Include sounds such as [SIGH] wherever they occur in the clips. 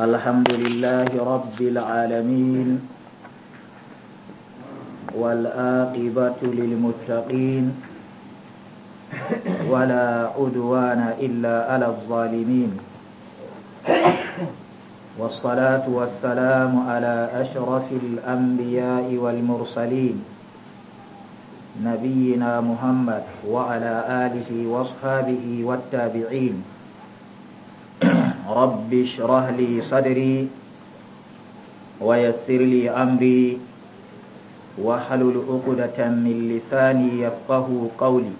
الحمد لله رب العالمين والآقبة للمتقين ولا عدوان إلا على الظالمين والصلاة والسلام على أشرف الأنبياء والمرسلين نبينا محمد وعلى آله واصحابه والتابعين رب اشرح لي صدري ويسر لي أمري واحلل عقدة من لساني يفقه قولي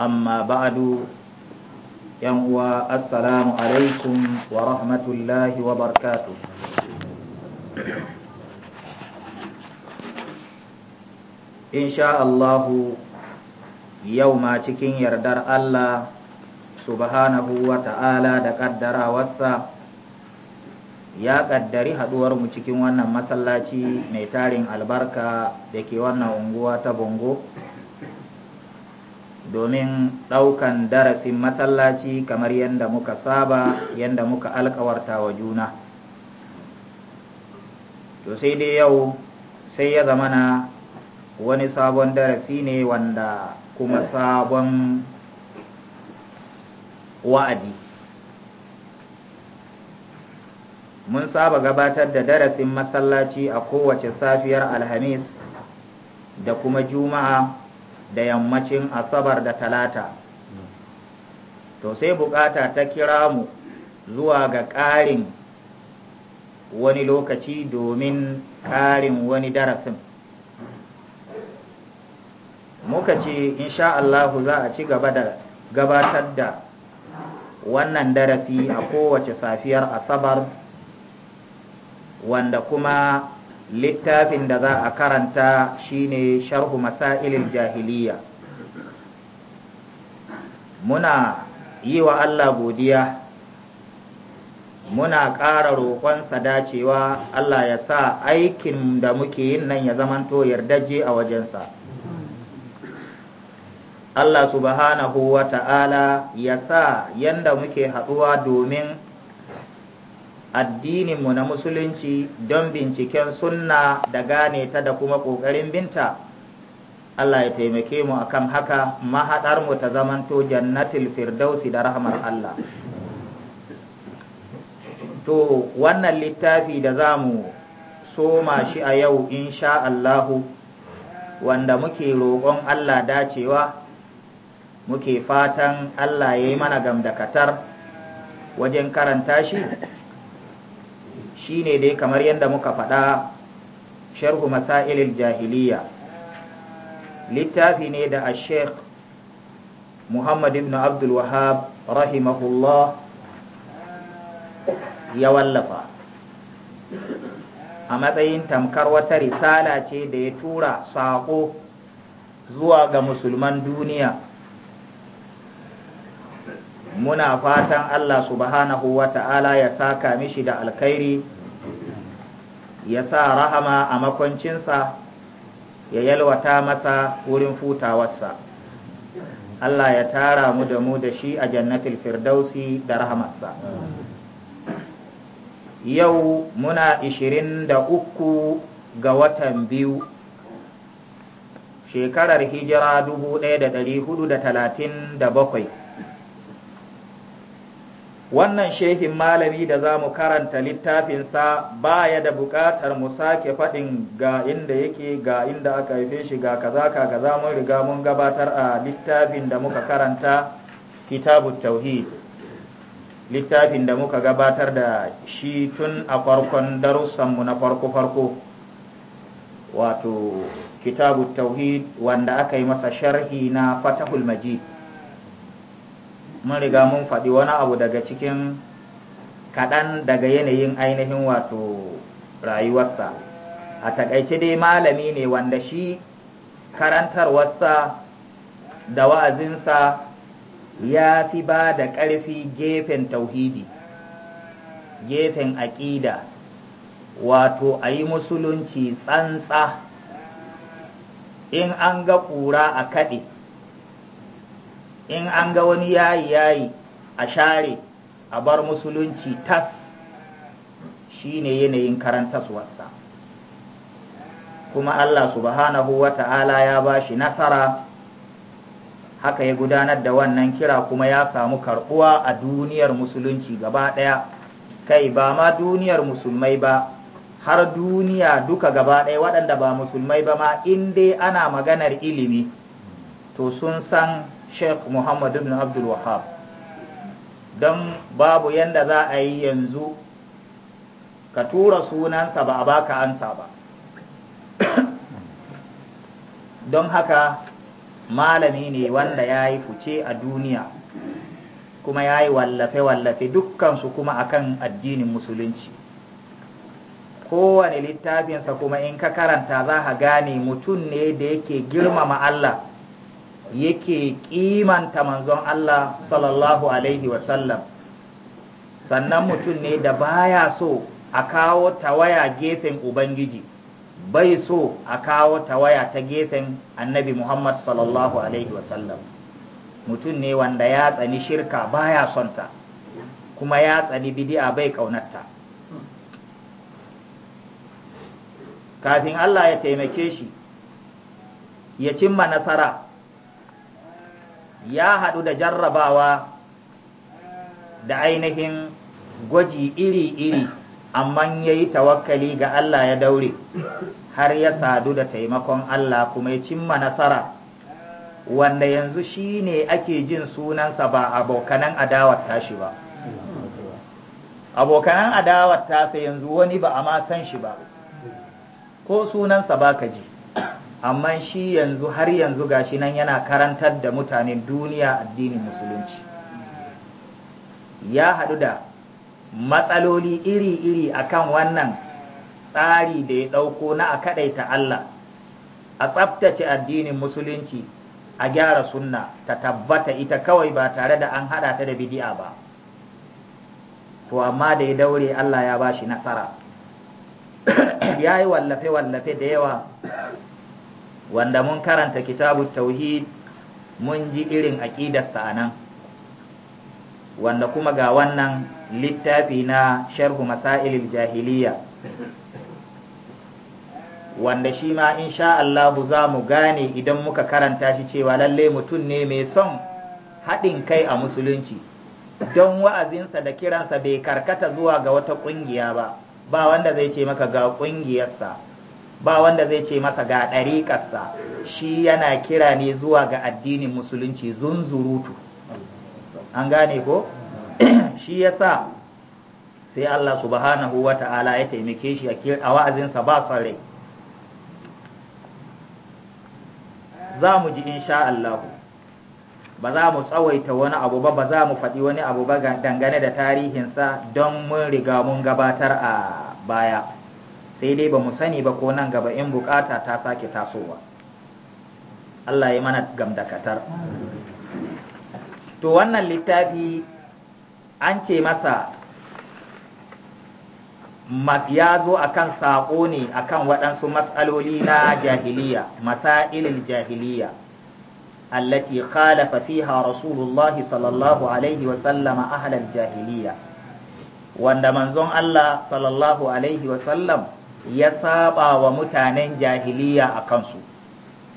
أما بعد ينوى السلام عليكم ورحمة الله وبركاته إن شاء الله يوم تكين يردر الله subhanahu wa ta'ala da kaddarawarsa ya kaddari mu cikin wannan masallaci mai tarin albarka da ke wannan unguwa ta bongo domin ɗaukan darasin masallaci kamar yadda muka saba yadda muka alkawarta wa juna to sai dai yau sai ya zamana wani sabon darasi ne wanda kuma sabon wa'adi mun saba gabatar da darasin masallaci a kowace safiyar alhamis da kuma juma'a da yammacin asabar da talata to sai bukata ta kira mu zuwa ga ƙarin wani lokaci domin ƙarin wani darasin muka ce insha Allahu za a ci gaba da gabatar da wannan darasi a kowace safiyar asabar wanda kuma littafin da za a karanta shine sharhu mas'ailin jahiliya muna yi wa Allah godiya muna ƙara roƙonsa dacewa Allah ya sa aikin da muke yin nan ya zamanto yardaje a wajensa Allah subhanahu wa ta'ala ya sa yanda muke haɗuwa domin addininmu na musulunci don binciken sunna da gane ta da kuma ƙoƙarin binta Allah ya taimake mu akan haka mahaɗarmu ta zamanto jannatul firdausi da rahmar Allah to wannan littafi da za mu soma shi a yau insha Allahu wanda muke roƙon Allah dacewa muke fatan Allah ya yi mana gamdakatar wajen karanta shi shi ne dai kamar yadda muka faɗa sharhu masailil jahiliya littafi ne da ashek muhammad ibn abdul wahab rahimahullah ya wallafa a matsayin tamkar wata risala ce da ya tura saƙo zuwa ga musulman duniya muna fatan Allah subhanahu wa ta'ala ya saka mishi da alkhairi ya sa rahama a makwancinsa ya yalwata masa wurin futawarsa Allah ya tara mu da mu da shi a jannatul firdausi da rahamarsa yau muna ishirin da uku ga watan biyu shekarar hijira 1437 wannan shehin malami da za mu karanta littafinsa baya da buƙatar mu sake faɗin ga inda yake ga inda aka haife shi ga kaza ka kaza mun riga mun gabatar a littafin da muka karanta kitabu tauhid littafin da muka gabatar da shi tun a farkon darussanmu na farko-farko wato kitabu tauhid wanda aka yi masa sharhi na fatahul majid mun riga mun faɗi wani abu daga cikin kaɗan daga yanayin ainihin wato rayuwarsa a taƙaice dai malami ne wanda shi Karantar karantarwarsa da wa'azinsa ya fi ba da ƙarfi gefen tauhidi gefen aƙida wato a yi musulunci tsantsa in an ga ƙura a kaɗe in an ga wani yayi yayi a share a bar musulunci tas shine yanayin karantaswarsa kuma Allah subhanahu wa ta'ala ya ba shi nasara haka ya gudanar da wannan kira kuma ya samu karɓuwa a duniyar musulunci gaba ɗaya kai ba ma duniyar musulmai ba har duniya duka gaba ɗaya waɗanda ba musulmai ba ma in dai ana maganar ilimi to sun san Sheikh Muhammad ibn Abdul Wahab don babu yanda za a yi yanzu ka tura sunansa ba a baka ansa ba [COUGHS] don haka malami ne wanda ya yi fice a duniya kuma ya yi wallafe-wallafe dukkansu kuma akan addinin musulunci kowane littafinsa kuma in ka karanta za ka gane mutum ne da yake girmama Allah yake kimanta manzon Allah sallallahu alaihi wasallam sannan mutum ne da baya so a kawo tawaya gefen ubangiji bai so a kawo tawaya ta gefen annabi muhammad sallallahu alaihi wasallam mutum ne wanda ya tsani shirka baya sonta kuma ya tsani bidi'a bai kaunarta kafin allah ya taimake shi ya cimma nasara ya haɗu da jarrabawa da ainihin gwaji iri-iri amma ya yi tawakkali ga Allah ya daure har ya sadu da taimakon Allah kuma ya cimma nasara wanda yanzu shi ne ake jin sunansa ba abokanan adawar tashi ba abokanan adawar tasa yanzu wani ba a ma san shi ba ko sunansa ba ka ji amma shi yanzu har yanzu gashi nan yana karantar da mutanen duniya addinin musulunci ya haɗu da matsaloli iri-iri akan wannan tsari da ya ɗauko na a kaɗaita Allah a tsaftace addinin musulunci a gyara sunna ta tabbata ita kawai ba tare da an haɗa ta da bidi'a ba to amma da ya daure Allah ya ba shi nasara [COUGHS] ya yi wallafe-wallafe da yawa wanda mun karanta kitabu tauhid mun ji irin aƙidarsa a nan wanda kuma ga wannan littafi na sharhu masa'il jahiliya wanda shi ma insha Allah za mu gane idan muka karanta shi cewa lalle mutum ne mai son haɗin kai a musulunci don wa'azinsa da kiransa bai karkata zuwa ga wata ƙungiya ba ba wanda zai ce maka ga ƙungiyarsa ba wanda zai ce masa ga ɗariƙarsa shi yana kira ne zuwa ga addinin musulunci zunzurutu an gane ko [CLEARS THROAT] shi ya sa sai Allah subhanahu wa ta'ala ya taimake shi a wa'azinsa ba son rai za mu ji insha Allah ba za mu tsawaita wani abu ba ba za mu faɗi wani abu ba dangane da tarihinsa don mun riga mun gabatar a baya sai dai ba mu sani ba ko nan gaba in bukata ta sake tasowa Allah ya mana gamdakatar to wannan littafi an ce masa ya zo a kan saƙo ne a kan waɗansu matsaloli na jahiliya masailil jahiliya allati khalafa fiha rasulullahi sallallahu alaihi wasallama ahlal jahiliya wanda manzon Allah sallallahu alaihi wasallam ya saba wa mutanen jahiliya a kansu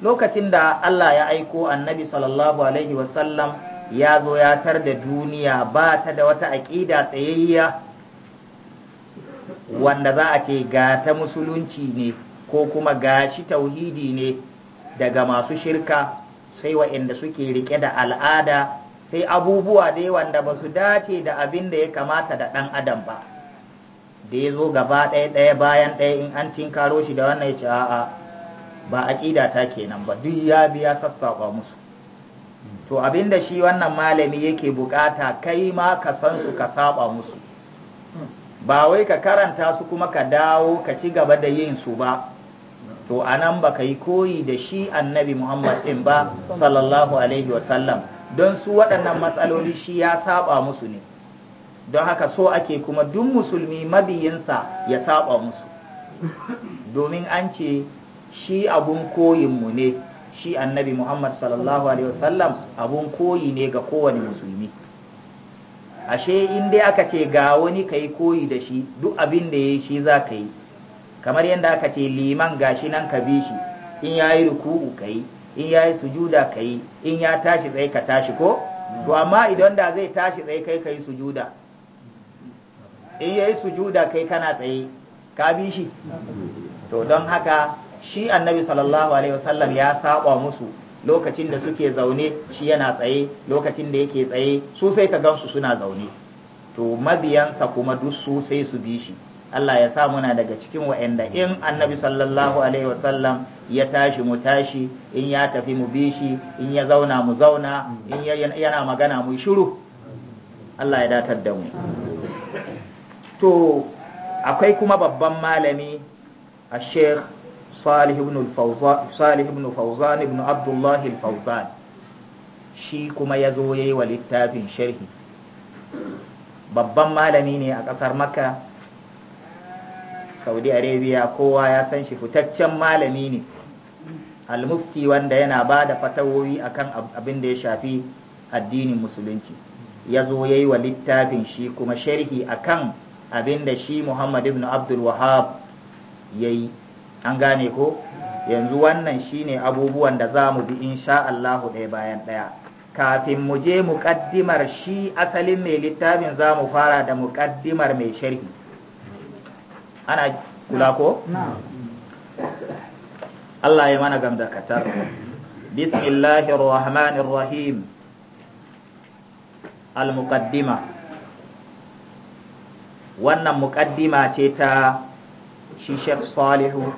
lokacin da Allah ya aiko annabi sallallahu alaihi wasallam ya zo ya tar da duniya ba ta da wata aƙida tsayayya wanda za a ce ga ta musulunci ne ko kuma gashi tauhidi ne daga masu shirka sai inda suke rike da al'ada sai abubuwa dai wanda ba su dace da abin da ya kamata da ɗan adam ba da ya zo gaba ɗaya ɗaya bayan ɗaya in an tinkaro shi da wannan ya ce a'a ba aƙida ta kenan ba duk ya biya sassaƙa musu to abinda shi wannan malami yake buƙata, kai ma ka san su ka saba musu ba wai ka karanta su kuma ka dawo ka ci gaba da yin su ba to anan ba ka yi koyi da shi annabi muhammad ɗin ba sallallahu alaihi wasallam don su waɗannan matsaloli shi ya saba musu ne don haka so ake kuma duk musulmi mabiyinsa ya saba musu domin an ce shi abun koyinmu ne shi annabi muhammad sallallahu alaihi wasallam abun koyi ne ga kowane musulmi ashe in dai aka ce ga wani ka yi koyi da shi duk abin da ya yi shi za ka yi kamar yadda aka ce liman gashi nan ka bi shi in ya yi ruku'u ka yi in ya yi sujuda ka yi in ya tashi tsaye ka tashi ko to amma idan da zai tashi tsaye kai ka yi sujuda in yayi sujuda kai kana tsaye ka bi shi to don haka shi annabi sallallahu alaihi wasallam ya saba musu lokacin da suke zaune shi yana tsaye lokacin da yake tsaye su sai ka gansu suna zaune to mabiyansa kuma duk su sai su bi shi Allah ya sa muna daga cikin wa'anda in annabi sallallahu alaihi wasallam ya tashi mu tashi in ya tafi mu bi shi in ya zauna mu zauna in yana magana mu shiru Allah ya datar da mu to akwai kuma babban malami a sheikh salih ibn fawzan ibn abdullah fawzan shi kuma ya zo ya yi littafin sharhi babban malami ne a ƙasar makka saudi arabia kowa ya san shi fitaccen malami ne almufti wanda yana ba da fatawoyi akan abin da ya shafi addinin musulunci ya zo ya yi wa littafin shi kuma sharhi akan abinda shi Muhammad ibn Abdul Wahab yayi an gane ko yanzu wannan shine abubuwan da za mu bi insha Allah ɗaya bayan ɗaya kafin mu je muƙaddimar shi asalin mai littafin za mu fara da muƙaddimar mai sharhi ana kula ko? Allah ya mana katar bismillahir rahmanir rahim al-muqaddima wannan muƙaddima ce ta shi Sheikh Salihu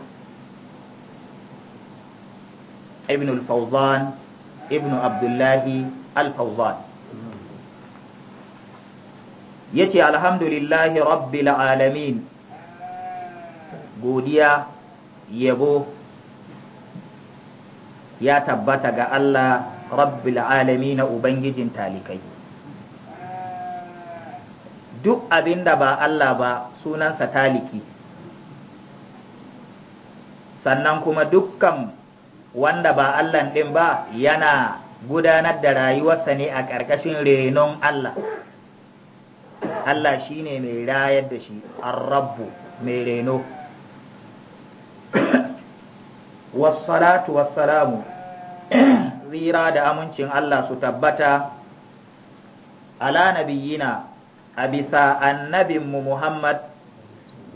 ibn al-Fawzan ibn Abdullahi al-Fawzan yace alhamdulillahi rabbil alamin godiya yabo ya tabbata ga Allah rabbil na ubangijin talikai duk abinda ba Allah ba sunansa taliki sannan kuma dukkan wanda ba Allah ɗin ba yana gudanar da rayuwarsa ne a ƙarƙashin renon Allah Allah shi ne mai rayar da shi arrabu mai reno [CLEARS THROAT] wassalatu wassalamu zira [CLEARS THROAT] da amincin Allah su tabbata ala nabiyina a bisa annabinmu Muhammad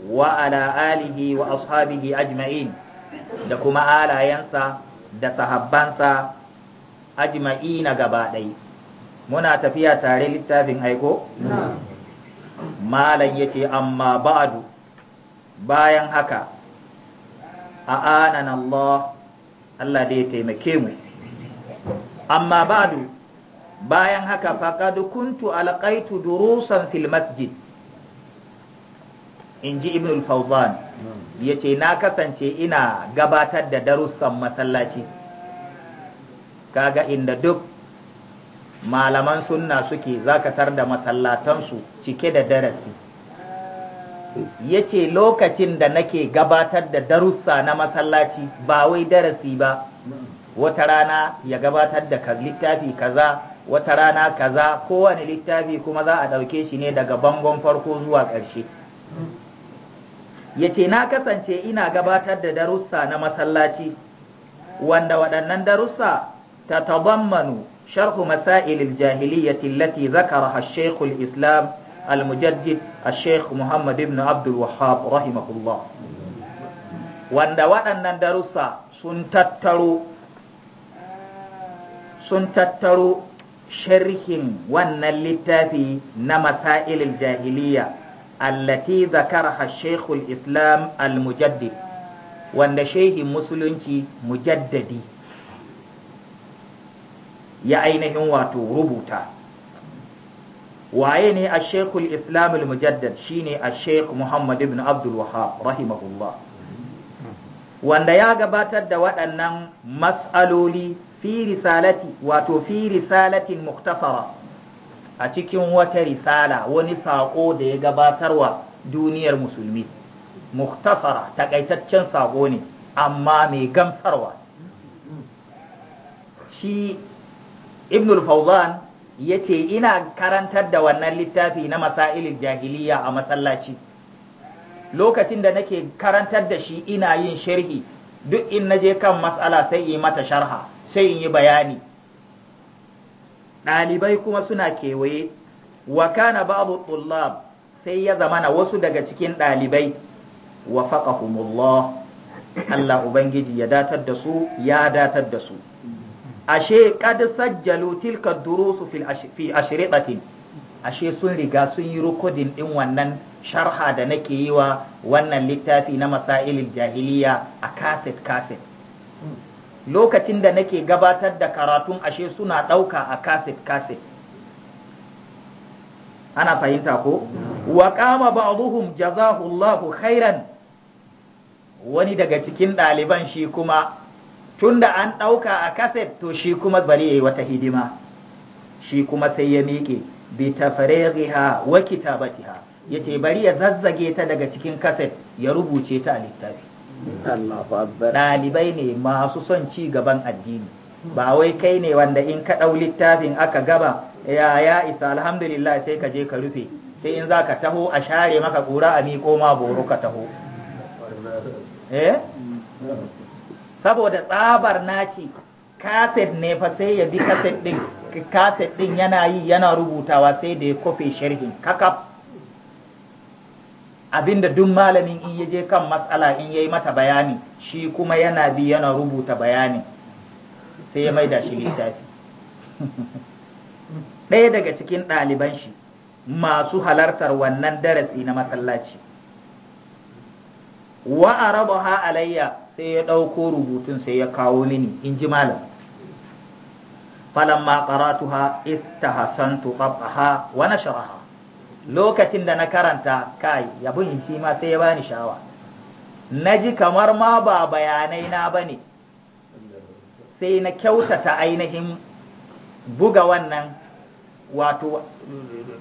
wa ala alihi wa ashabihi ajma'in da kuma alayensa da sahabbansa ajma'ina gaba ɗai muna tafiya tare littafin aiko? malam yace amma ba'adu bayan haka a anan Allah Allah da ya taimake mu amma ba'adu bayan haka faqad kuntu alqaitu durusan fil masjid inji ibn al-fawzan yace na kasance ina gabatar da darussan masallaci kaga inda duk malaman sunna suke zakatar da masallatansu cike da darasi yace lokacin da nake gabatar da darussa na masallaci ba wai darasi ba wata rana ya gabatar da littafi kaza wata rana kaza kowane littafi kuma za a ɗauke shi ne daga bangon farko zuwa ƙarshe yace na kasance ina gabatar da darussa na masallaci wanda waɗannan darussa ta tabammanu sharhu masailil jahiliyyati allati zakaraha ash islam al-mujaddid ash-shaykh Muhammad ibn Abdul Wahhab rahimahullah wanda waɗannan darussa sun tattaro sun tattaro sharhin wannan littafi na masailin jahiliya allati zakaraha shekul islam al-mujaddid wanda shehin musulunci mujaddadi ya ainihin wato rubuta waye ne a shekul islam al-mujaddad shine a sheikh muhammad ibn abdul rahimahullah wanda ya gabatar da waɗannan matsaloli fi risalati wato fi risalatin muktasara a cikin wata risala wani saƙo da ya gabatarwa duniyar musulmi muktasara takaitaccen saƙo ne amma mai gamsarwa shi ibnul fauzan ya ce ina karantar da wannan littafi na masailin jahiliya a masallaci lokacin da nake karantar da shi ina yin sharhi duk in naje kan matsala sai yi mata sharha sai in yi bayani ɗalibai kuma suna kewaye wa kana ba'du tullab sai ya zamana wasu daga cikin ɗalibai wa faqahumullah Allah ubangiji ya datar da su ya datar da su ashe qad sajjalu tilka durusu fil fi ashriqatin ashe sun riga sun yi rikodin din wannan sharha da nake yi wa wannan littafi na masailil jahiliya a kaset kaset lokacin da nake gabatar da karatun ashe suna ɗauka a kaset kaset ana fahimta ko wa kama ba'dhum jazahullahu khairan wani daga cikin ɗaliban shi kuma tunda an ɗauka a kaset to shi kuma bari yayi wata hidima shi kuma sai ya miƙe bi tafrighiha wa kitabatiha yace bari ya zazzage ta daga cikin kaset ya rubuce ta a littafi ɗalibai ne masu son ci gaban addini ba wai kai ne wanda in ka ɗau littafin aka gaba ya ya isa alhamdulillah sai ka je ka rufe sai in za ka taho a share maka ƙura a miƙo ma boro ka taho eh saboda tsabar naci kaset ne fa sai ya bi kaset ɗin kaset ɗin yana yi yana rubutawa sai da ya kofe sharhin kakaf abinda duk malamin in ya je kan matsala in yayi mata bayani shi kuma yana bi yana rubuta bayani sai ya maida shi littafi [LAUGHS] ɗaya daga cikin ɗaliban shi masu halartar wannan darasi na masallaci wa arabaha alayya sai ya ɗauko rubutun sai ya kawo mini in ji malam falamma qaratuha istahasantu qabha wa nasharaha lokacin da na karanta kai yabin shi ma sai ya bani shawa na ji kamar ma ba bayanai na ba ne sai na kyautata ainihin buga wannan wato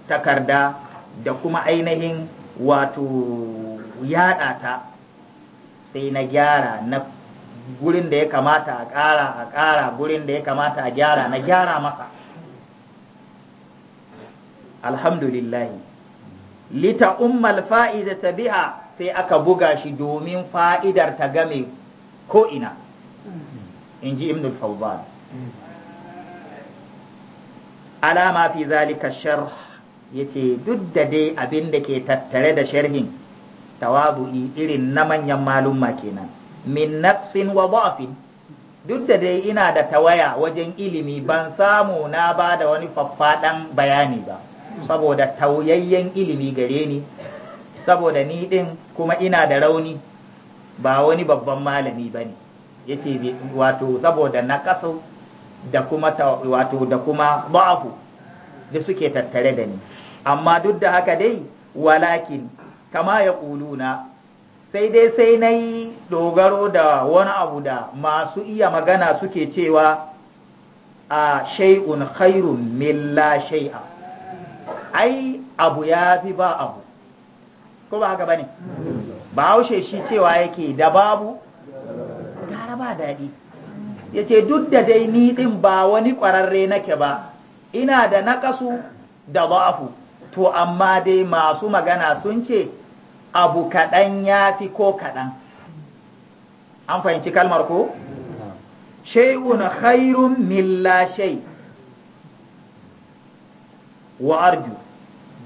takarda da kuma ainihin wato yaɗa ta sai na gyara na gurin da ya kamata a ƙara a ƙara gurin da ya kamata a gyara na gyara masa alhamdulillahi lita ummal fa'ida ta bi'a sai aka buga shi domin fa'idar ta game ko'ina in ji ibn al alama fi zalika sharh yace duk da dai abin da ke tattare da sharhin tawabu'i irin na manyan malumma kenan min naqsin wa da'fin duk da dai ina da tawaya wajen ilimi ban samu na ba da wani faffaɗan bayani ba saboda tauyayyen ilimi gare ni saboda ni din kuma ina da rauni ba wani babban malami ba ne wato saboda na kaso da kuma wato da kuma ba'afu da suke tattare da ni amma duk da haka dai walakin kama ya na, sai dai sai na yi dogaro da wani abu da masu iya magana suke cewa a shay'un khairun min la shay'a ai abu ya fi ba abu ko ba haka bane ba haushe shi cewa yake da babu gara ba daɗi ya ce duk da dai ni ɗin ba wani ƙwararre nake ba ina da naƙasu da ba'afu to amma dai masu magana sun ce abu kaɗan ya fi ko kaɗan an fahimci kalmar ko shai'un khairun milla shay' wa arju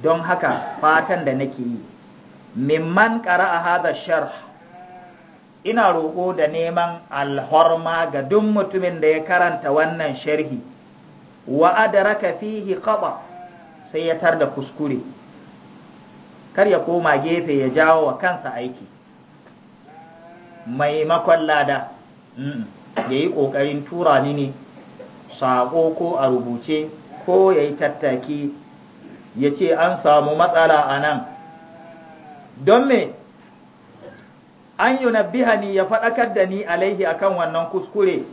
don haka fatan da nake yi mimman a hada sharh ina roƙo da neman alhorma ga duk mutumin da ya karanta wannan sharhi wa adraka fihi khata sai ya tar da kuskure kar ya koma gefe ya jawo wa kansa aiki maimakon lada mm, ya yi ƙoƙarin tura ni ne saƙo ko a rubuce ko ya yi tattaki ya ce an samu matsala a nan don me an yi ni ya faɗakar da ni alaihi a kan wannan kuskure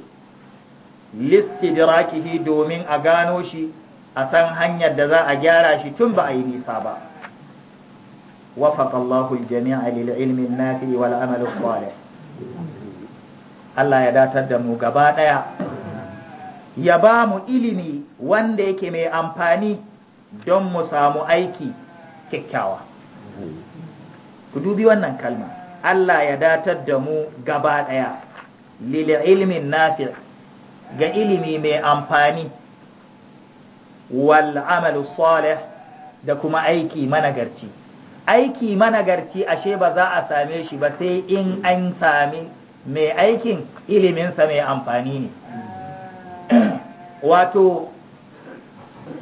listidrakihi domin a gano shi a san hanyar da za a gyara shi tun ba a yi nisa ba wafaƙallahu jami'a lil ilmin nafi wal amal Allah ya datar da mu gaba ɗaya ya ba mu ilimi wanda yake mai amfani don mu samu aiki kyakkyawa ku dubi wannan kalma Allah ya datar da mu gaba ɗaya lila ilimin nafi ga ilimi mai amfani wal amalu salih da kuma aiki managarci aiki managarci ashe ba za a same shi ba sai in an sami mai aikin iliminsa mai amfani ne wato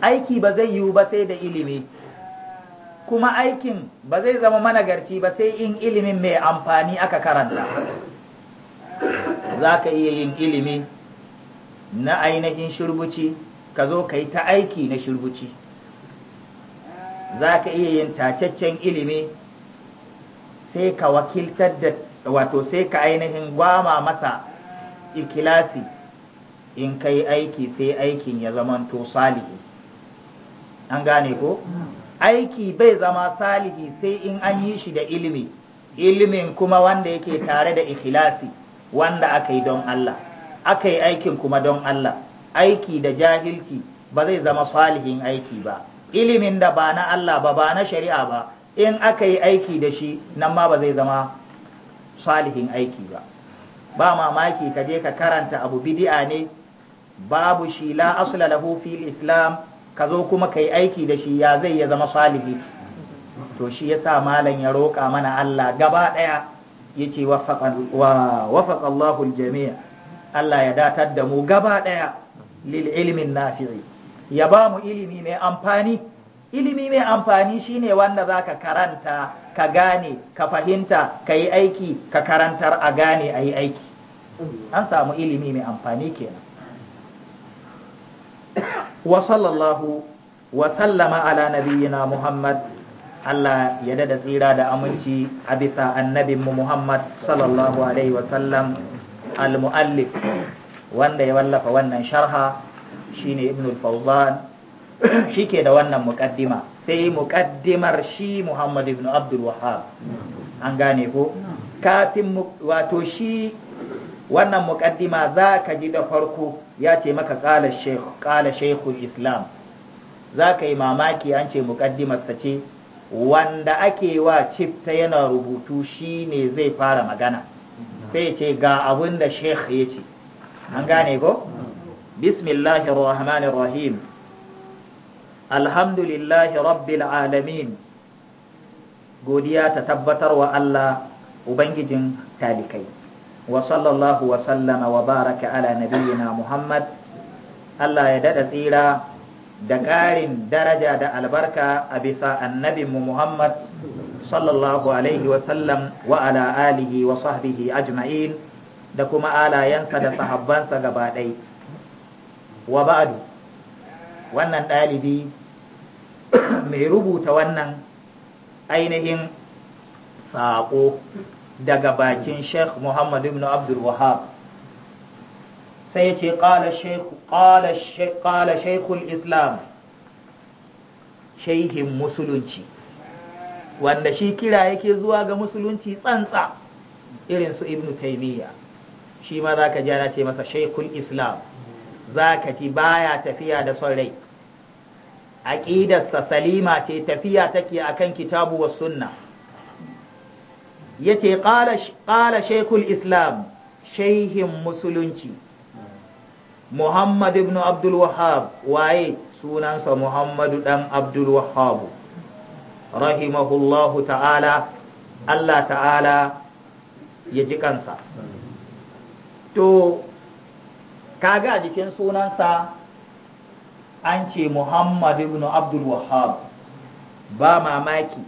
aiki ba zai yiwu ba sai da ilimi kuma aikin ba zai zama managarci ba sai in ilimin mai amfani aka karanta za ka iya yin ilimi na ainihin shirbuci ka zo ka yi ta aiki na shirbuci za ka iya yin tacaccen ilimi sai ka wakiltar da wato sai ka ainihin gwama masa ikilasi in kai aiki sai aikin ya zamanto salihi an gane ko aiki bai zama salihi sai in an yi shi da ilimi ilimin kuma wanda yake tare da ikhlasi wanda aka yi don Allah aka yi aikin kuma don Allah aiki da jahilci ba zai zama salihin aiki ba ilimin da ba na Allah ba ba na shari'a ba in aka yi aiki da shi nan ma ba zai zama salihin aiki ba ba mamaki ka je ka karanta abu bidi'a ne babu shi la asla lahu fil islam ka zo kuma kai aiki da shi ya zai ya zama salihi to shi yasa malam ya roƙa mana Allah gaba ɗaya yace wafaqa Allahu Allah ya datar da mu gaba ɗaya lil ilmin nafi'i ya ba mu ilimi mai amfani ilimi mai amfani shine wanda zaka karanta ka gane ka fahimta ka yi aiki ka karantar a gane a yi aiki an samu ilimi mai amfani kenan wa sallallahu wa sallama ala nabiyyina Muhammad Allah ya dada tsira da aminci a bisa annabinmu Muhammad sallallahu alaihi wa sallam al-muallif wanda ya wallafa wannan sharha shine Ibn al-Fawzan [CLEARS THROAT] shike da wannan muqaddima sai muqaddimar shi Muhammad ibn Abdul Wahhab an gane ko kafin wato shi wannan muƙaddima za ka ji da farko ya ce maka ƙala shekul islam za ka yi mamaki an ce muƙaddimarsa ce wanda ake wa cifta yana rubutu shi ne zai fara magana sai ce ga abin da shekh ya ce an gane ko? bismillahir rahmanir rahim alhamdulillahi rabbil alamin godiya ta tabbatar wa Allah ubangijin talikai وصلى الله وسلم وبارك على نبينا محمد الله يدد تيرا دقارن درجة دا البركة أبسا النبي محمد صلى الله عليه وسلم وعلى آله وصحبه أجمعين دكما آلا ينسى دا صحبان سقبالي وبعد wannan ɗalibi mai rubuta wannan ainihin saƙo daga bakin Sheikh Muhammad ibn Abdul Wahhab sai ya ce Sheikhul Islam Sheikhin musulunci wanda shi kira yake zuwa ga musulunci tsantsa irin su Ibn Taymiyyah shi ma zaka ji ana ce masa Sheikhul Islam zaka ji baya tafiya da son rai aƙidarsa salima ce tafiya take akan kitabu was sunna yace qala shekul islam shaihin musulunci muhammad ibn abdul wahab waye sunansa muhammadu dan abdul wahab rahimahullahu ta'ala allah ta'ala ya ji kansa to kaga a jikin sunansa an ce muhammad ibn abdul wahab ba mamaki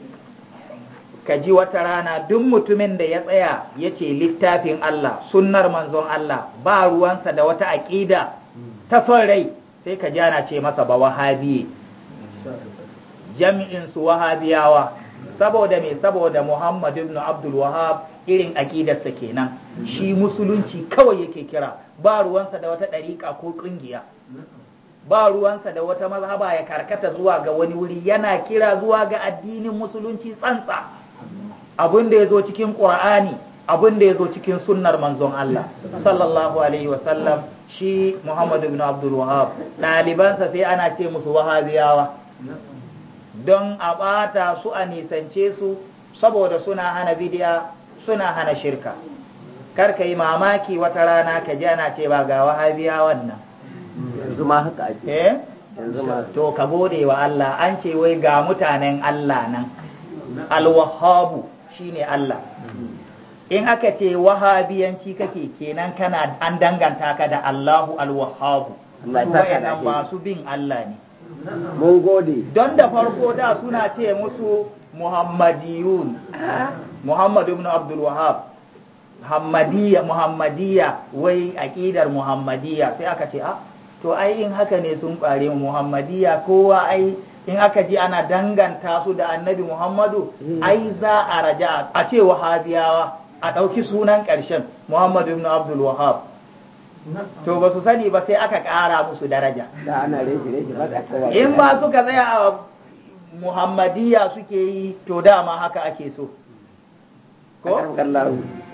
ka ji wata rana duk mutumin da ya tsaya ya ce littafin Allah sunnar manzon Allah ba ruwansa da wata aƙida ta son rai sai ka jana ce masa ba wahabiye jami'in su wahabiyawa saboda mai saboda Muhammad ibn Abdul Wahab irin aƙidarsa kenan shi musulunci kawai yake kira ba ruwansa da wata ɗariƙa ko ƙungiya ba ruwansa da wata mazhaba ya karkata zuwa ga wani wuri yana kira zuwa ga addinin musulunci tsantsa abin da ya zo cikin ƙur'ani abin da ya zo cikin sunnar manzon Allah sallallahu alaihi wasallam shi Muhammad ibn Abdul Wahab ɗalibansa sai ana ce musu wahabiyawa don a ɓata su a nisance su saboda suna hana bidiya suna hana shirka kar ka yi mamaki wata rana ka ji ana ce ba ga wahabiyawan nan yanzu ma haka ake eh? to ka gode wa Allah an ce wai ga mutanen Allah nan alwahabu shine Allah in aka ce wahabiyanci kake kenan kana an danganta ka da Allahu al-Wahhab masu bin Allah ne mun don da farko da suna ce musu Muhammadiyun Muhammad ibn Abdul Wahhab Muhammadiyya Muhammadiyya wai aƙidar Muhammadiyya sai aka ce a ah, to ai in haka ne sun ƙware mu Muhammadiyya kowa ai in aka ji ana danganta su da annabi muhammadu ai za a raja a ce wahabiyawa a ɗauki sunan ƙarshen muhammadu ibn abdul wahab to ba su sani ba sai aka ƙara musu daraja in ba suka tsaya a muhammadiya suke yi to dama haka ake so ko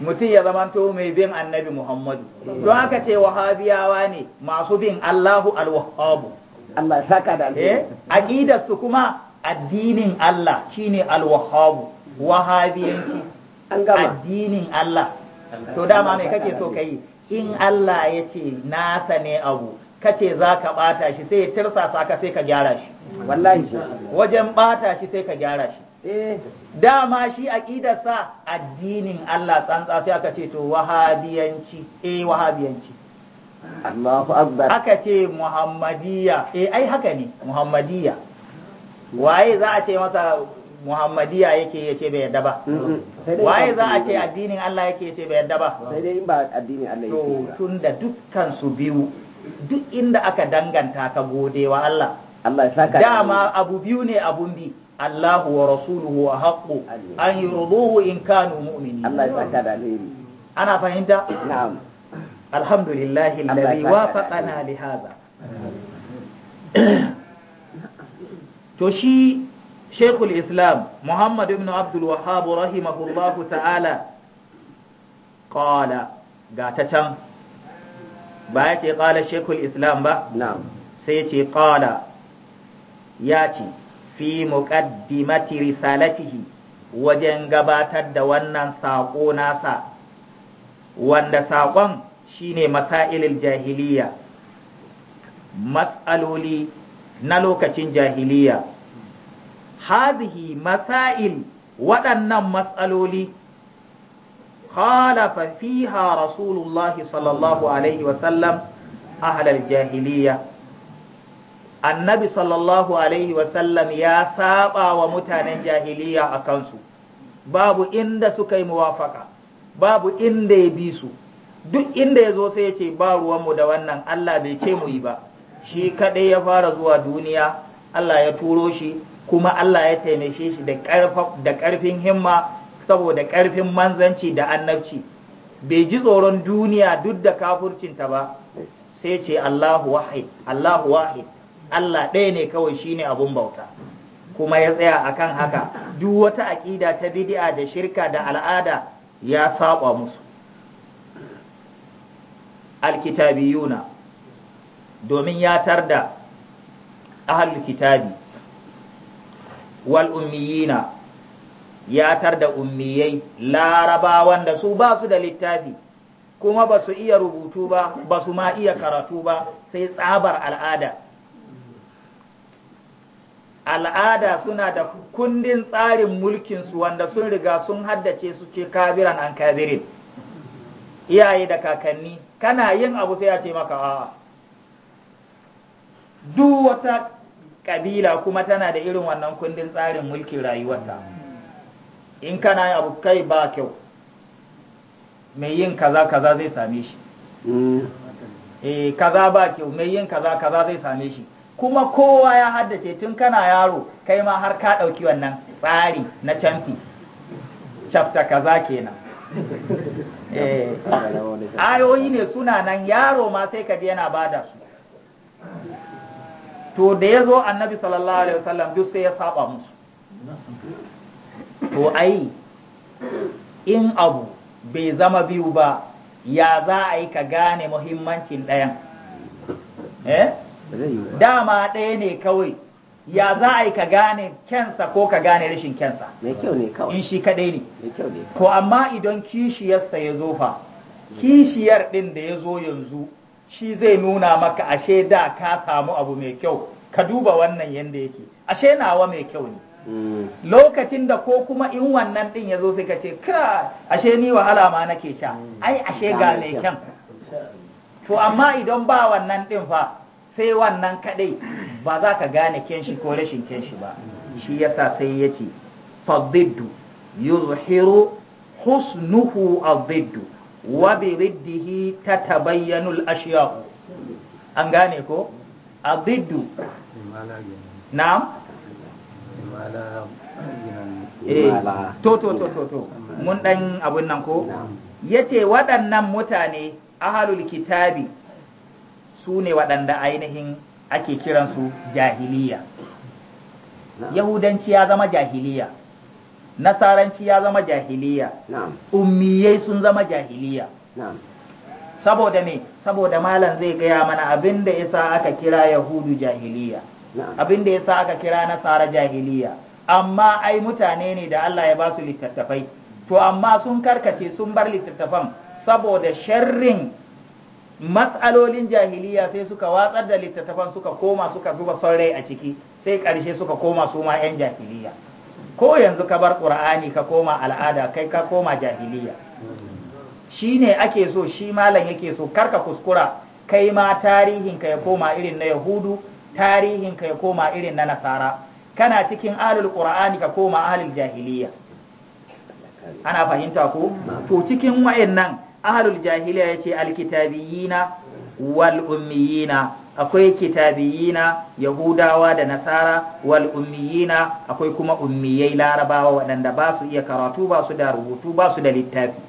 mutum ya zamanto mai bin annabi muhammadu To aka ce wahabiyawa ne masu bin allahu al wahabu. Allah ya saka da alheri eh, aqidar su kuma addinin Allah shine al-wahhab wahabiyanci addinin Allah to dama me kake so kai in Allah ya ce na sane abu kace za ka bata shi sai ya tirsasa ka sai ka gyara shi wallahi wajen bata shi sai ka gyara shi eh. dama shi sa addinin Allah tsantsa sai aka ce to wahabiyanci eh wahabiyanci Allahu akbar aka ce muhammadiyya E ai haka ne muhammadiyya waye za a ce masa muhammadiyya yake yace bai yadda ba waye za a ce addinin Allah yake yace bai yadda ba sai dai in ba addinin Allah yake to da dukkan su biyu duk inda aka danganta ka godewa Allah Allah ya saka dama abu biyu ne abun bi Allah wa rasuluhu wa haqqu an yurduhu in kanu mu'minin Allah ya saka da alheri ana fahimta na'am alhamdulillahi alladhi wafaqana li hadha to shi Sheikhul Islam Muhammad ibn Abdul Wahhab rahimahullahu ta'ala qala ga ta can ba ya ce qala Sheikhul Islam ba sai ya ce qala ya ce fi muqaddimati risalatihi wajen gabatar da wannan saƙo nasa wanda saƙon shine masailil jahiliya matsaloli na lokacin jahiliya hazihi masail waɗannan matsaloli khalafa fiha rasulullahi sallallahu alaihi wasallam ahlal jahiliya annabi sallallahu alaihi wasallam ya saba wa mutanen jahiliya a kansu babu inda suka yi muwafaka babu inda ya bi su duk inda ya zo sai ya ce ba ruwanmu da wannan Allah bai ce mu yi ba shi kaɗai ya fara zuwa duniya Allah ya turo shi kuma Allah ya taimake shi da ƙarfin himma saboda ƙarfin manzanci da annabci bai ji tsoron duniya duk da kafurcinta ba sai ce Allahu wahid Allahu wahid Allah ɗaya ne kawai shine abun bauta kuma ya tsaya akan haka duk wata aƙida ta bid'a da shirka da al'ada ya saba musu alkitabiyuna domin ya tarda ahlul kitabi wal ummiyina ya da ummiyai Laraba wanda su ba su da littafi kuma ba su iya rubutu ba ba su ma iya karatu ba sai tsabar al'ada al'ada suna da kundin tsarin mulkinsu wanda sun riga sun haddace su ce kabiran an kabirin iyaye da kakanni kana yin abu sai ya ce maka a'a duk wata kabila kuma tana da irin wannan kundin tsarin mulkin rayuwarta in kana yin abu kai ba kyau mai yin kaza kaza zai same shi mm. eh kaza ba kyau mai yin kaza kaza zai same shi kuma kowa ya haddace tun kana yaro kai ma har ka ɗauki wannan tsari na canfi chapter kaza kenan Eh. ayoyi ne suna nan yaro ma sai ka yana bada su to da ya zo annabi sallallahu alaihi wasallam duk sai ya saba musu to ai in abu bai zama biyu ba ya za a yi ka gane muhimmancin ɗayan eh dama ɗaya ne kawai ya za a yi ka gane kyansa ko ka gane rashin kyansa mai kyau ne kawai in shi kadai ne mai amma idan kishiyarsa ya zo fa kishiyar din da ya zo yanzu shi zai nuna maka ashe da ka samu abu mai kyau ka duba wannan yanda yake ashe nawa mai kyau ne mm. lokacin da ko kuma in wannan din ya zo sai ka ce ka ashe ni wahala ma nake sha mm. ai ashe ga mai kyan to amma idan ba wannan din fa sai wannan kadai ba za ka gane kenshi ko rashin kenshi ba shi yasa sai ya ce fadiddu yuzhiru husnuhu adiddu wa bi riddihi tatabayyanu al-ashya'u an gane ko A na'am eh to to to to to mun dan abun nan ko yace waɗannan mutane ahalul kitabi su ne waɗanda ainihin ake kiransu jahiliya yahudanci ya zama jahiliya nasaranci ya zama jahiliya ummiyai sun zama jahiliya saboda me saboda malam zai gaya mana abin da yasa aka kira yahudu jahiliya abin da yasa aka kira nasara jahiliya amma ai mutane ne da Allah ya ba su littattafai to amma sun karkace sun bar littattafan saboda sharrin matsalolin jahiliya sai suka watsar da littattafan suka koma suka zuba son rai a ciki sai ƙarshe suka koma su ma 'yan jahiliya ko yanzu ka bar ƙur'ani ka koma al'ada kai ka koma jahiliya shi ne ake so shi malam yake so karka kuskura kai ma tarihinka ya koma irin na yahudu tarihinka ya koma irin na nasara kana cikin alul qur'ani ka koma alul jahiliya ana fahimta ko to cikin wayannan ahlul jahiliya yace alkitabiyina wal ummiyina akwai kitabiyina yahudawa da nasara wal ummiyina akwai kuma ummiyai larabawa waɗanda ba su iya karatu ba su da rubutu ba su da littafi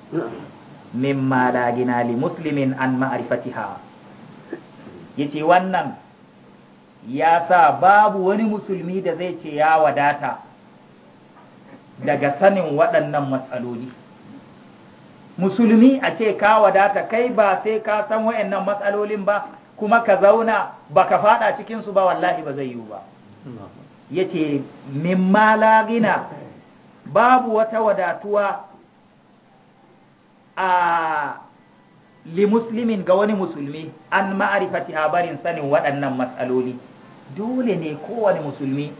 mimma da gina li muslimin an ma'rifatiha yace wannan ya sa babu wani musulmi da zai ce ya wadata daga sanin waɗannan matsaloli musulmi a ce ka wadata kai ba sai ka san wa'annan matsalolin ba kuma ka zauna ba ka fada cikin su ba wallahi ba zai yiwu ba yace min malagina babu wata wadatuwa a li muslimin ga wani musulmi an ma'arifati habarin sanin waɗannan matsaloli dole ne kowane musulmi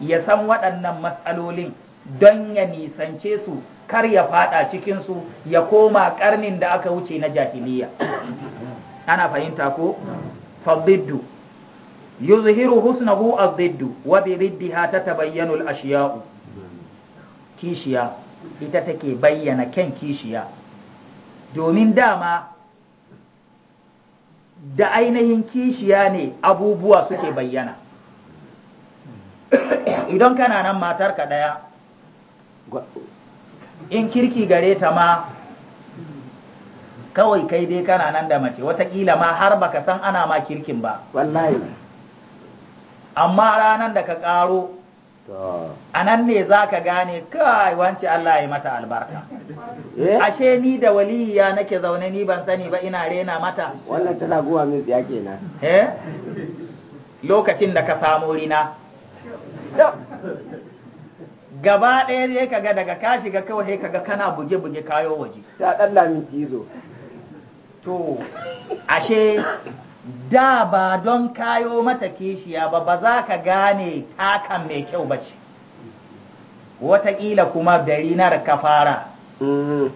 ya san waɗannan matsalolin don ya nisance su kar ya fada cikinsu ya koma karnin da aka wuce na jahiliya ana fahimta ko fadiddu yuzhiru husnahu azdiddu wa bi riddiha tatabayyanu al-ashiya'u kishiya ita take bayyana kyan kishiya domin dama da ainihin kishiya ne abubuwa suke bayyana [COUGHS] idan kana nan matarka ɗaya in kirki gare ta ma kawai kai dai kana nan da mace watakila ma har baka san ana ma kirkin ba wallahi amma ranar da ka karo a nan ne za ka gane kai wance Allah ya mata albarka eh? ashe ni da waliya nake zaune ni ban sani ba ina rena mata wannan tana guwa min tsiya kenan eh? lokacin da ka samu rina [LAUGHS] gaba ɗaya zai kaga daga ka shiga kawai sai kaga kana buge-buge kayo waje ta ɗan lamin zo. to ashe da ba don kayo mata kishiya ba ba za ka gane takan mai kyau ba ce wataƙila kuma darinar ka fara mm.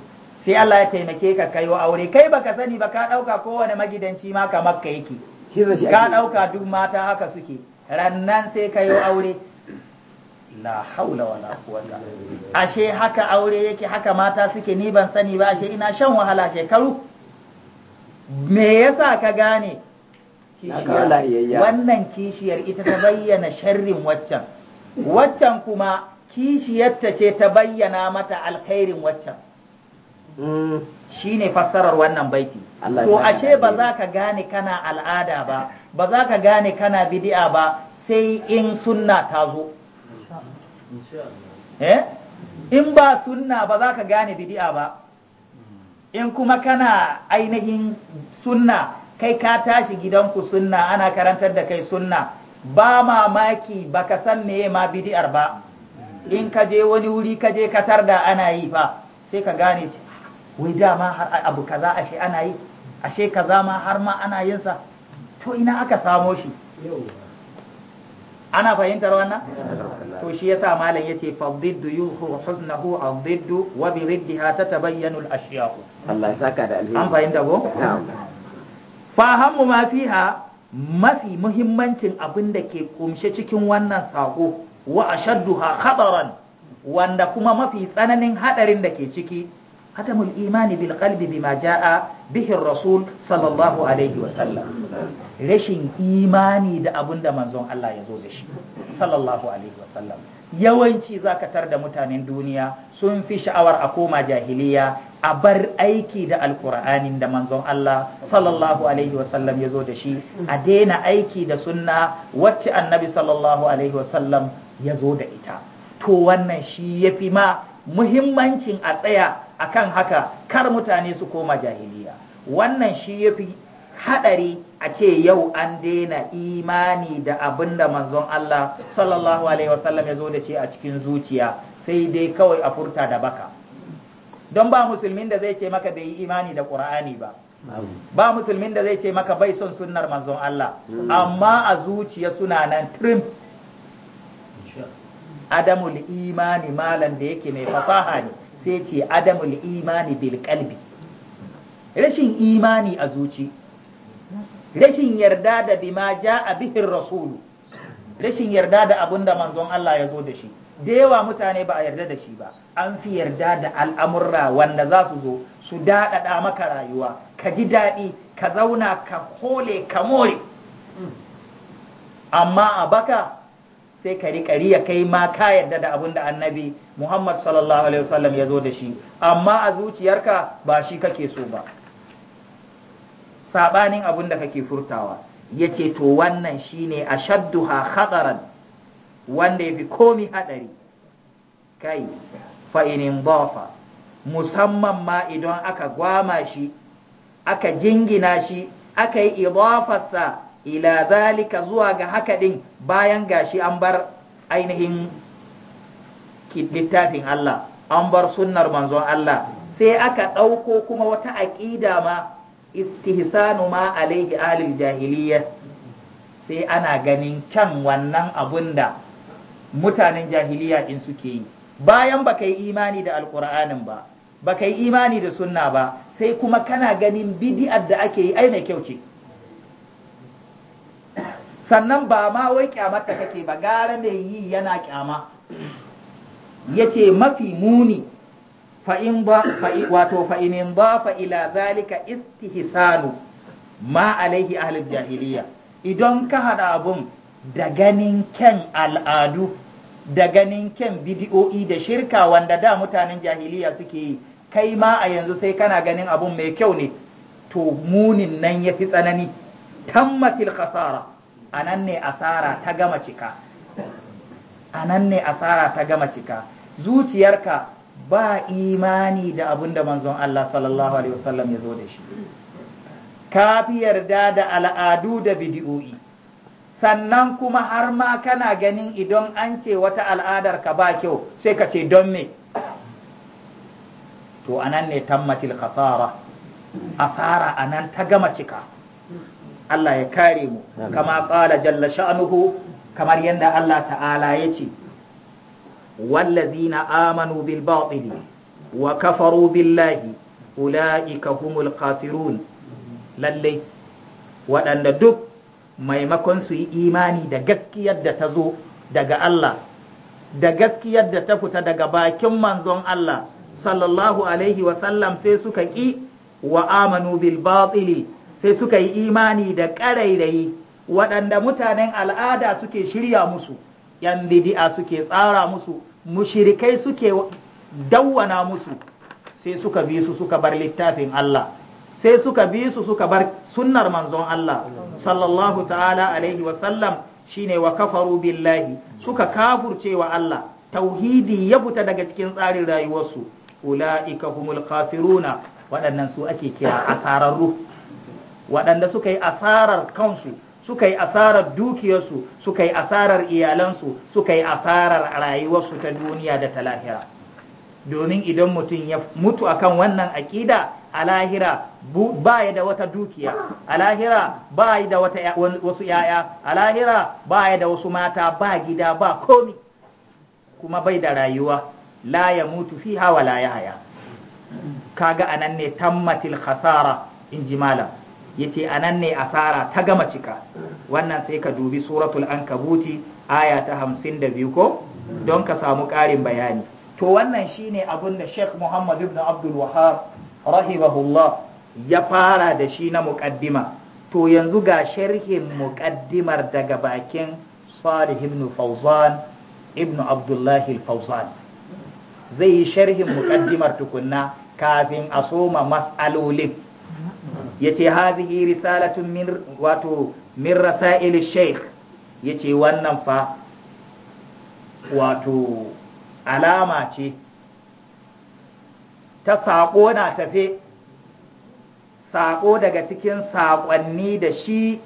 sai Allah ya taimake ka kayo aure kai baka sani ba ka ɗauka kowane magidanci ma kamar ka yake ka ɗauka duk mata haka suke rannan sai kayo aure la haula wala quwwata ashe haka aure yake haka mata suke ni ban sani ba ashe ina shan wahala shekaru me yasa ka gane wannan kishiyar ita ta bayyana sharrin waccan waccan kuma kishiyarta ce ta bayyana mata alkhairin waccan mm. shine fassarar wannan baiti to ashe ba za ka gane kana al'ada ba ba za ka gane kana bidi'a ba sai in sunna ta zo Eh? in ba sunna ba za ka gane bidi'a ba in kuma kana ainihin sunna kai ka tashi gidanku sunna ana karantar da kai sunna ba mamaki ba ka san meye ma bidi'ar ba in ka je wani wuri ka je ka tarda ana yi fa sai ka gane wai dama har abu kaza ashe ana yi ashe kaza ma har ma ana yinsa to ina aka samo shi ana fahimtar wannan to shi yasa malam yace fa diddu yuhu husnahu aw diddu wa bi riddiha tatabayyanu al ashiya Allah ya saka da alheri an fahimta ko fa hammu ma fiha mafi muhimmancin abin da ke kumshe cikin wannan sako wa ashadduha khataran wanda kuma mafi tsananin hadarin da ke ciki عدم الإيمان بالقلب بما جاء به الرسول صلى الله عليه وسلم rashin imani da abin da manzon Allah ya zo da shi sallallahu alaihi wasallam yawanci zaka tar da mutanen duniya sun fi sha'awar a koma jahiliya a bar aiki da alkur'anin da manzon Allah sallallahu alaihi wasallam ya zo da shi a daina aiki da sunna wacce annabi sallallahu alaihi wasallam ya zo da ita to wannan shi ya fi ma muhimmancin a tsaya akan haka kar mutane su koma jahiliya wannan shi yafi hadari a ce yau an daina imani da abinda da manzon Allah sallallahu alaihi wasallam ya zo da shi a cikin zuciya sai dai kawai a furta da baka don ba musulmin da zai ce maka bai yi imani da qur'ani ba ba musulmin da zai ce maka bai son sunnar manzon Allah amma a zuciya suna nan trim adamul imani malam da yake mai fasaha ne sai ce adamul imani bil kalbi rashin imani a zuci rashin yarda da bima ja a bihin rasulu rashin yarda da abun da manzon Allah ya zo da shi da yawa mutane ba a yarda da shi ba an fi yarda da al'amurra wanda za su zo su daɗaɗa maka rayuwa ka ji daɗi ka zauna ka kole ka more amma a baka sai ka riƙa riya kai ma ka yarda da abin da annabi Muhammad sallallahu alaihi wasallam ya zo da shi amma a zuciyarka ba shi kake so ba sabanin abin da kake furtawa Ya ce to wannan shine ha khataran wanda yafi komi hadari kai fa musamman ma idan aka gwama shi aka jingina shi aka yi idafarsa ila zalika zuwa ga haka din bayan gashi an bar ainihin littafin Allah an bar sunnar manzon Allah sai aka ɗauko kuma wata aƙida ma istihsanu ma alaihi alil jahiliyya sai ana ganin kyan wannan abun da mutanen jahiliya in suke yi bayan baka yi imani da alƙur'anin ba baka yi imani da sunna ba sai kuma kana ganin bidi'ar da ake yi ai mai kyau ce sannan ba ma wai kyamata kake ba gara mai yi yana kyama Ya ce mafi muni fa'in wato fa'inin ba fa'ila zalika istihisanu ma alaihi ahlul jahiliya idan ka hada abun da ganin kyan al'adu da ganin kyan bidiyo'i da shirka wanda da mutanen jahiliya suke yi kai ma a yanzu sai kana ganin abun mai kyau ne to munin nan ya fi tsanani tammatil khasara a ne asara ta gama cika anan ne asara ta gama cika zuciyarka ba imani da abin da manzon Allah sallallahu alaihi wasallam ya zo da shi ka fi yarda da al'adu da bidiyo'i sannan kuma har ma kana ganin idan an ce wata al'adar ka ba kyau sai ka ce don me to anan ne tammatil khasara asara anan ta gama cika Allah ya kare mu kama Fala, jalla sha'nuhu kamar yadda Allah ta'ala ya ce wallazina amanu bil batili wa kafaru billahi ula'ika humul kafirun lalle waɗanda duk maimakon su yi imani da gaskiyar da ta zo daga Allah da gaskiyar da ta fita daga bakin manzon Allah sallallahu alaihi sallam sai suka ƙi wa amanu bil batili sai suka yi imani da ƙarairayi waɗanda mutanen al'ada suke shirya musu yan bidi'a suke tsara musu mushirikai suke dawwana musu sai suka bi su suka bar littafin Allah sai suka bi su suka bar sunnar manzon Allah sallallahu ta'ala alaihi wa sallam shine wa kafaru billahi suka kafurce wa Allah tauhidi ya fita daga cikin tsarin rayuwarsu ula'ika humul kafiruna waɗannan su ake kira asararru waɗanda suka yi asarar kansu suka yi asarar dukiyarsu suka yi asarar iyalansu suka yi asarar rayuwarsu ta duniya da ta lahira domin idan mutum ya mutu akan wannan aƙida a lahira ba ya da wata dukiya a lahira ba ya da wasu yaya a lahira ba ya da wasu mata ba gida ba komi kuma bai da rayuwa la ya mutu fi hawa la ya haya kaga anan ne tammatil khasara in ji malam yace anan ne asara ta gama cika wannan sai ka dubi suratul ankabuti aya ta hamsin da biyu ko don ka samu ƙarin bayani to wannan shine abin da Sheikh Muhammad ibn Abdul wahab rahimahullah ya fara da shi na muqaddima to yanzu ga sharhin muqaddimar daga bakin Salih ibn Fawzan ibn abdullahi al zai yi sharhin muqaddimar tukunna kafin a soma mas'alolin yace hadhihi risalatun min wato min rasail shaykh yace wannan fa wato alama ce ta saƙo na tafe saƙo daga cikin saƙonni da shi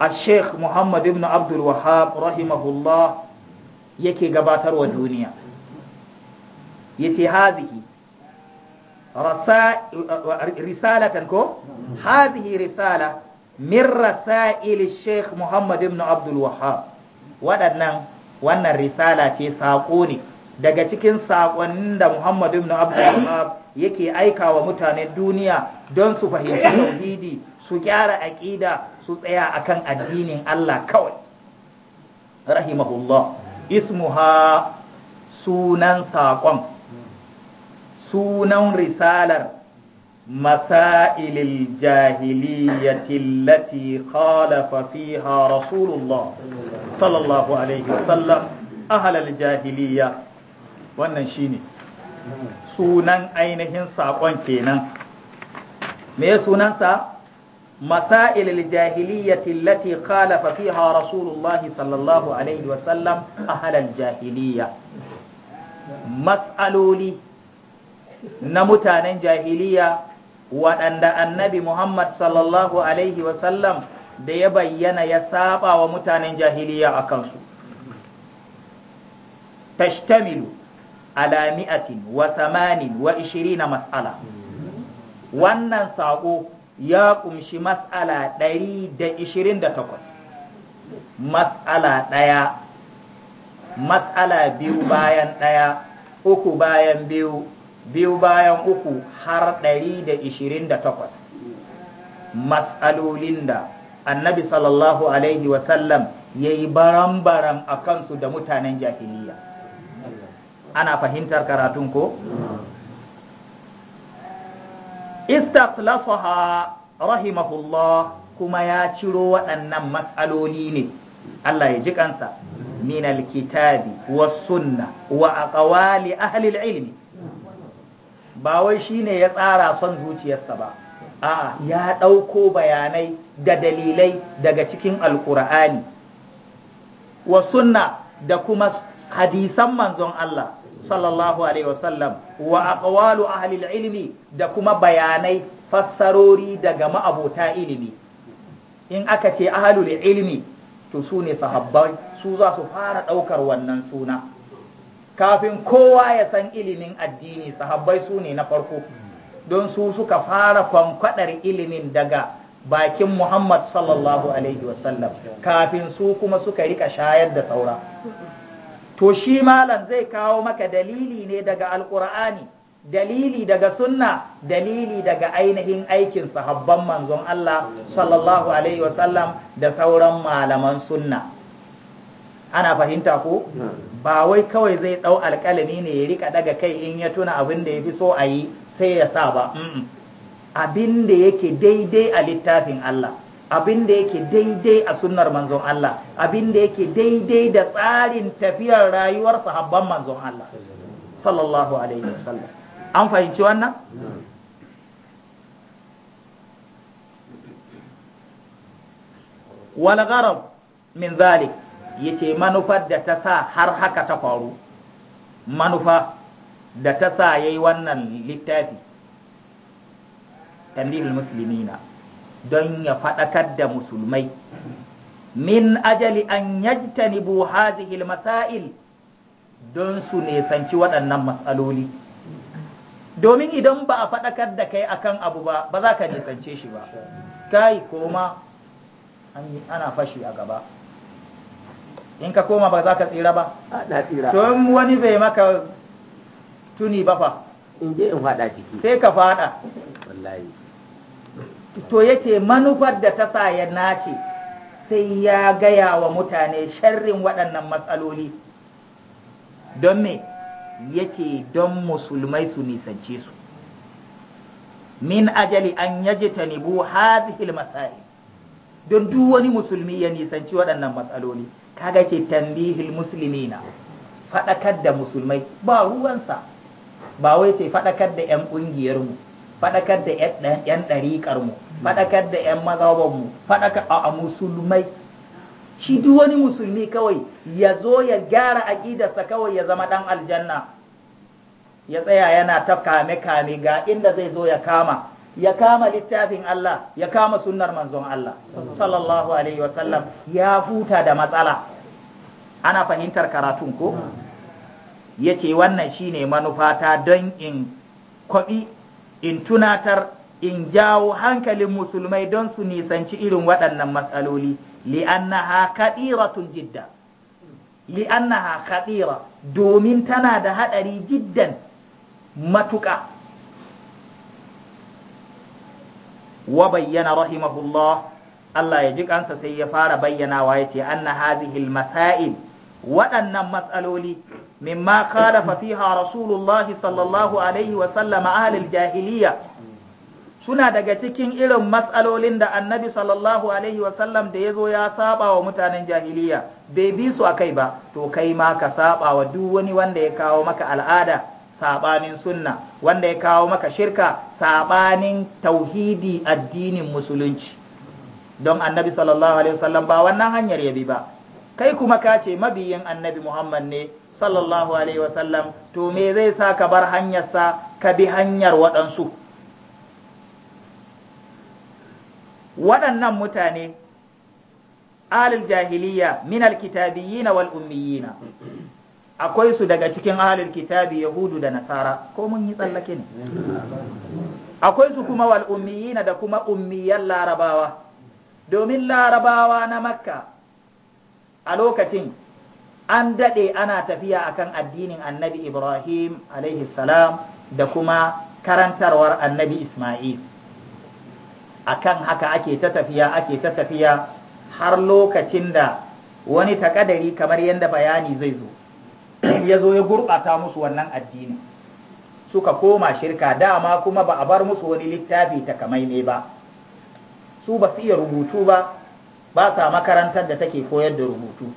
a sheikh muhammad ibn abdul wahab rahimahullah yake gabatarwa duniya yace hazihi رسالة ko? هذه رسالة من رسائل الشيخ محمد بن عبد الوهاب waɗannan wannan risala ce saƙo ne daga cikin saƙonnin da Muhammad ibn yake aika wa mutanen duniya don su fahimci tauhidi su gyara aƙida su tsaya akan addinin Allah kawai rahimahullah ismuha sunan saƙon sunan risalar masailil jahiliyyati allati khalafa fiha rasulullah sallallahu alaihi wasallam ahlal jahiliya wannan shine sunan ainihin saƙon kenan me sunansa Masailil الجاهلية التي خالف fiha رسول sallallahu alaihi الله عليه وسلم أهل الجاهلية مسألولي na mutanen jahiliya waɗanda annabi Muhammad sallallahu Alaihi wasallam da ya bayyana ya saba wa mutanen jahiliya a kansu. Tashtamilu alami'atin mi'atin wa samanin wa na mas'ala. Wannan saƙo ya ƙumshi mas'ala ɗari da ishirin da takwas. Mas'ala ɗaya, mas'ala biyu bayan ɗaya, uku bayan biyu, biyu bayan uku har ɗari da ishirin da takwas da annabi sallallahu alaihi wasallam ya yi baran-baran a kansu da mutanen jahiliya ana fahimtar karatun ko? istaklasaha rahimahullah kuma ya ciro waɗannan masaloli ne Allah ya ji kansa min alkitabi wa sunna wa aqwali ahli ilmi ba wai shine ya tsara son zuciyarsa ba a'a ya ɗauko bayanai da dalilai daga cikin alkur'ani wa sunna da kuma hadisan manzon Allah sallallahu alaihi wasallam wa aqwalu ahli ilmi da kuma bayanai fassarori daga ma'abota ilimi in aka ce ahlul ilmi to su ne sahabbai su za su fara ɗaukar wannan suna kafin kowa ya san ilimin addini sahabbai su ne na farko don su suka fara kwankwadar ilimin daga bakin Muhammad sallallahu alaihi wasallam kafin su kuma suka rika shayar da saura to shi malam zai kawo maka dalili ne daga alkur'ani dalili daga sunna dalili daga ainihin aikin sahabban manzon Allah sallallahu alaihi wasallam da sauran malaman sunna ana fahimta ko ba wai kawai zai dau alƙalami ne ya rika daga kai in ya tuna abin da ya fi so a yi sai ya sa ba abin da yake daidai a littafin Allah abin da yake daidai a sunnar manzon Allah abin da yake daidai da tsarin tafiyar rayuwar sahabban manzon Allah sallallahu alaihi wasallam an fahimci wannan wal gharab min zalik Ya ce manufar da ta sa har haka ta faru manufa da ta sa ya yi wannan littafi tanbihul muslimina don ya faɗakar da musulmai min ajali an yajtanibu hadhihi masail don su nesanci waɗannan matsaloli domin idan ba a faɗakar da kai akan abu ba ba za ka nesance shi ba kai koma ana fashi a gaba in ka koma ba za ka tsira ba to wani bai maka tuni ba fa in in fada ciki sai ka fada wallahi to yake manufar da ta sa ya nace sai ya gaya wa mutane sharrin waɗannan matsaloli don me yake don musulmai su nisance su min ajali an yajtanibu hadhihi al-masail don duk wani musulmi ya nisanci waɗannan matsaloli kaga ce tanbihil muslimina faɗakar da musulmai ba ruwansa ba wai ce faɗakar da 'yan mu. faɗakar da 'yan mu. faɗakar da 'yan mu. fadakar a musulmai shi duk wani musulmi kawai ya zo ya gyara aƙidarsa kawai ya zama ɗan aljanna ya tsaya yana ta kame-kame ga inda zai zo ya kama ya kama littafin Allah ya kama sunnar manzon Allah sallallahu alaihi wasallam ya huta da matsala ana fahimtar karatun ko ya ce wannan shine manufata don in kwaɓi in tunatar in jawo hankalin musulmai don su nisanci irin waɗannan matsaloli li'annaha kaɗiratun jidda li'annaha kaɗira domin tana da haɗari jiddan matuƙa wa bayyana rahimahullah Allah ya ji kansa sai ya fara bayyanawa ya ce anna hazihil masail waɗannan matsaloli mimma khalafa fiha rasulullah sallallahu alaihi wa sallama ahlul jahiliya suna daga cikin irin matsalolin da annabi sallallahu alaihi wa sallam da zo ya saba wa mutanen jahiliya bai bi su akai ba to kai ma ka saba wa duk wani wanda ya kawo maka al'ada sabanin sunna wanda ya kawo maka shirka sabanin tauhidi addinin musulunci don annabi sallallahu alaihi wasallam ba wannan hanyar ya bi ba kai kuma ka ce mabiyin annabi Muhammad ne sallallahu alaihi wasallam to me zai sa ka bar hanyarsa ka bi hanyar waɗansu waɗannan mutane alil jahiliya min alkitabiyina wal ummiyina akwai su daga cikin alil kitabi yahudu da nasara ko mun yi tsallake ne akwai su kuma wal ummiyina da kuma ummiyan larabawa domin larabawa na makka a lokacin an daɗe ana tafiya akan addinin annabi ibrahim alaihi salam da kuma karantarwar annabi isma'il akan haka ake ta tafiya ake ta tafiya har lokacin da wani takadari kamar yadda bayani zai zo ya zo ya gurɓata musu wannan addini suka koma shirka dama kuma ba a bar musu wani littafi ne ba su ba su iya rubutu ba ba sa makarantar da take koyar da rubutu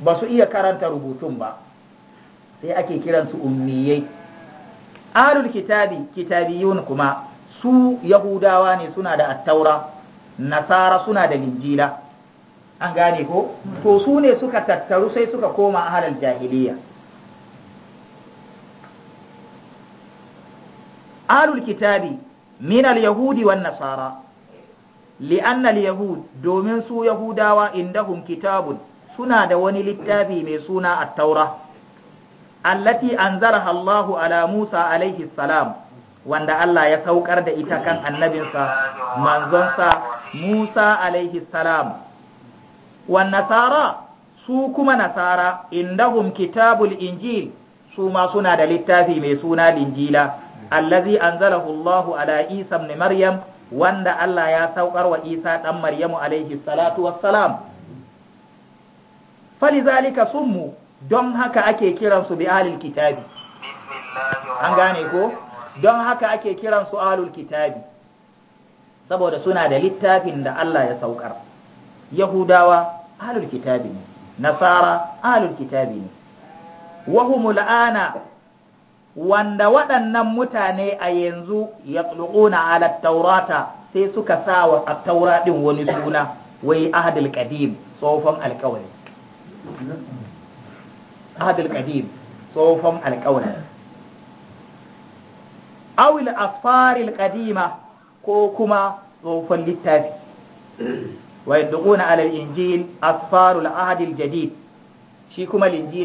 ba su iya karanta rubutun ba sai ake kiransu ummiyai alul kitabi kitabiyun kuma su yahudawa ne suna da attaura nasara suna da linjila an gane ko to su ne suka tattaru sai suka koma ahalar jahiliya alul kitabi minal yahudi wan nasara li'annal yahud domin su yahudawa indahum kitabun suna da wani littafi mai suna at-taura allati anzalaha Allahu ala Musa alaihi salam wanda Allah ya saukar da ita kan annabinsa manzonsa Musa alaihi salam wan nasara su kuma nasara indahum kitabul injil su ma suna da littafi mai suna linjila allazi anzalahu Allahu ala Isa ibn Maryam wanda Allah ya saukar wa Isa ɗan Maryamu alaihi salatu wassalam. Falizalika sunmu don haka ake kiransu bi ahlul kitabi. An gane ko? Don haka ake kiransu ahlul kitabi. Saboda suna da littafin da Allah ya saukar. Yahudawa ahlul kitabi ne, Nasara ahlul kitabi ne. Wahumul wanda waɗannan mutane a yanzu ya tsulƙuna ala taurata sai suka sa wa a taura ɗin wani suna wai ahadul qadim tsohon alƙawari ahadul qadim tsohon alƙawari awil asfaril qadima ko kuma tsohon littafi wai yadduquna ala al-injil asfarul ahadil jadid shi kuma linjil